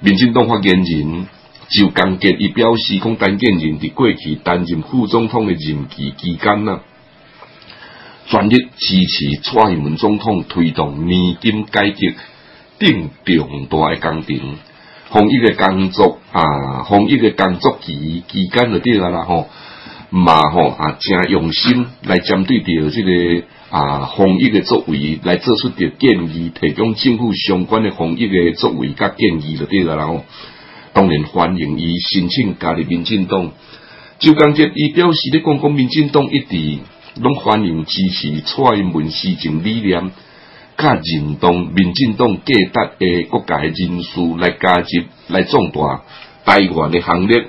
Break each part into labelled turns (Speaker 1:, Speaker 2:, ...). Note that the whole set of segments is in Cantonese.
Speaker 1: 民進黨發言人趙江杰亦表示，講陳建仁哋過去擔任副總統嘅任期期間啦，全力支持蔡英文總統推動年金改革，頂重大嘅工程，防疫個工作啊，防疫個工作期期間就啲啊，啦，吼嘛吼啊，誠用心來針對着即、這個。啊！防疫嘅作為，來做出啲建議，提供政府相關嘅防疫嘅作為及建議就得啦，哦。然後當然歡迎伊申請加入民進黨。就剛才，伊表示咧，講講民進黨一直攏歡迎支持蔡英文實踐理念，較認同民進黨其他嘅各界人士來加入，來壯大台灣嘅行列。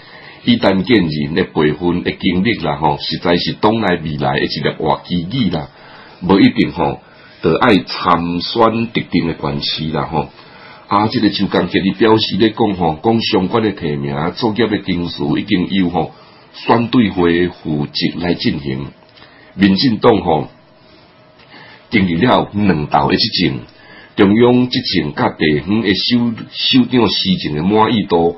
Speaker 1: 一旦建議咧培訓咧經歷啦吼，實在是黨內未來的一個活機遇啦，無一定吼，就愛參選特定嘅關係啦吼。啊，即、這個就剛杰你表示咧講吼，講相關的提名作業嘅定數已經有吼，選對會負責來進行。民進黨吼，經歷了兩道執政，中央執政甲地方嘅首首長事情嘅滿意度。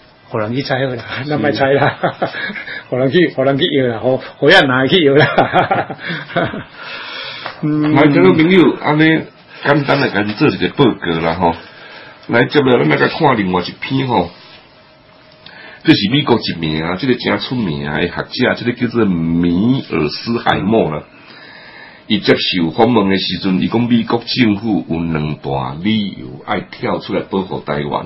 Speaker 2: 何能揭砌佢啦？那咪砌啦！何能你何能你要啦？好好人啊，揭要啦！我幾個
Speaker 1: 朋友，咁咧簡單嚟你做一個報告啦，吼。來接落，咁樣睇另外一篇吼。這是美國一名，即係真出名嘅學者，即係這個叫做米爾斯海默啦。佢接受訪問嘅時陣，佢講美國政府有兩大理由，要跳出來保護台灣。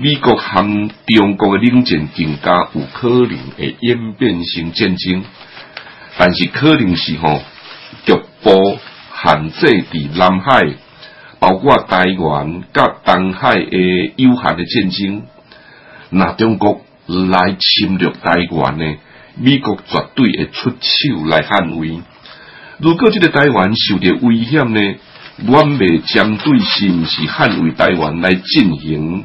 Speaker 1: 美國和中國嘅冷戰更加有可能會演變成戰爭，但是可能是吼局部限制佇南海，包括台灣甲東海嘅有限的戰爭。若中國來侵略台灣呢，美國絕對會出手來捍衛。如果即個台灣受著危險呢，我未將對是毋是捍衛台灣來進行。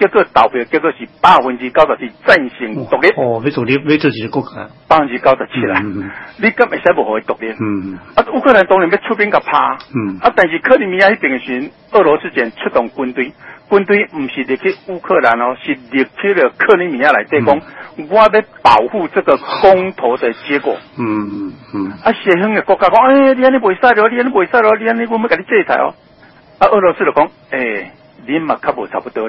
Speaker 3: 叫做投票，叫做是百分之九十是戰勝
Speaker 2: 獨立、哦。哦，你你百分之九
Speaker 3: 十七你獨立？嗯
Speaker 4: 嗯。
Speaker 3: 啊，烏克蘭當然要出兵去打
Speaker 4: 嗯。啊，
Speaker 3: 但是克里米亞一俄羅斯就出動軍隊，軍隊不是入去烏克蘭、哦、是入去了克里米亞來裏、嗯、我要保護這個公投的結
Speaker 4: 果。
Speaker 3: 嗯嗯嗯。嗯啊，西方的國家說哎，你不你不你，你，給你制裁、哦、啊，俄羅斯就說、哎、你差不多.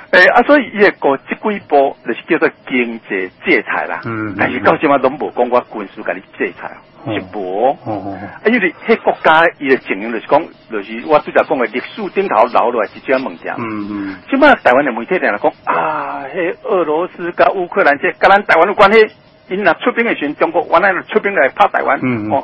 Speaker 3: 欸、啊，所以亦過即幾波，就是叫做經濟制裁啦。嗯。
Speaker 4: 嗯，但是到即
Speaker 3: 嘛攏冇講過軍事嗰啲制裁，嗯、是無不。哦哦哦。因為啲迄國家，伊嘅情形就是講，就是我即陣講嘅歷史頂頭留落來一張物件。
Speaker 4: 嗯嗯。
Speaker 3: 即嘛台灣嘅媒體成日講。啊，迄俄羅斯甲烏克蘭，即，甲咱台灣有關係，因若出兵嘅時陣，中國出兵來打台灣。
Speaker 4: 嗯嗯。哦。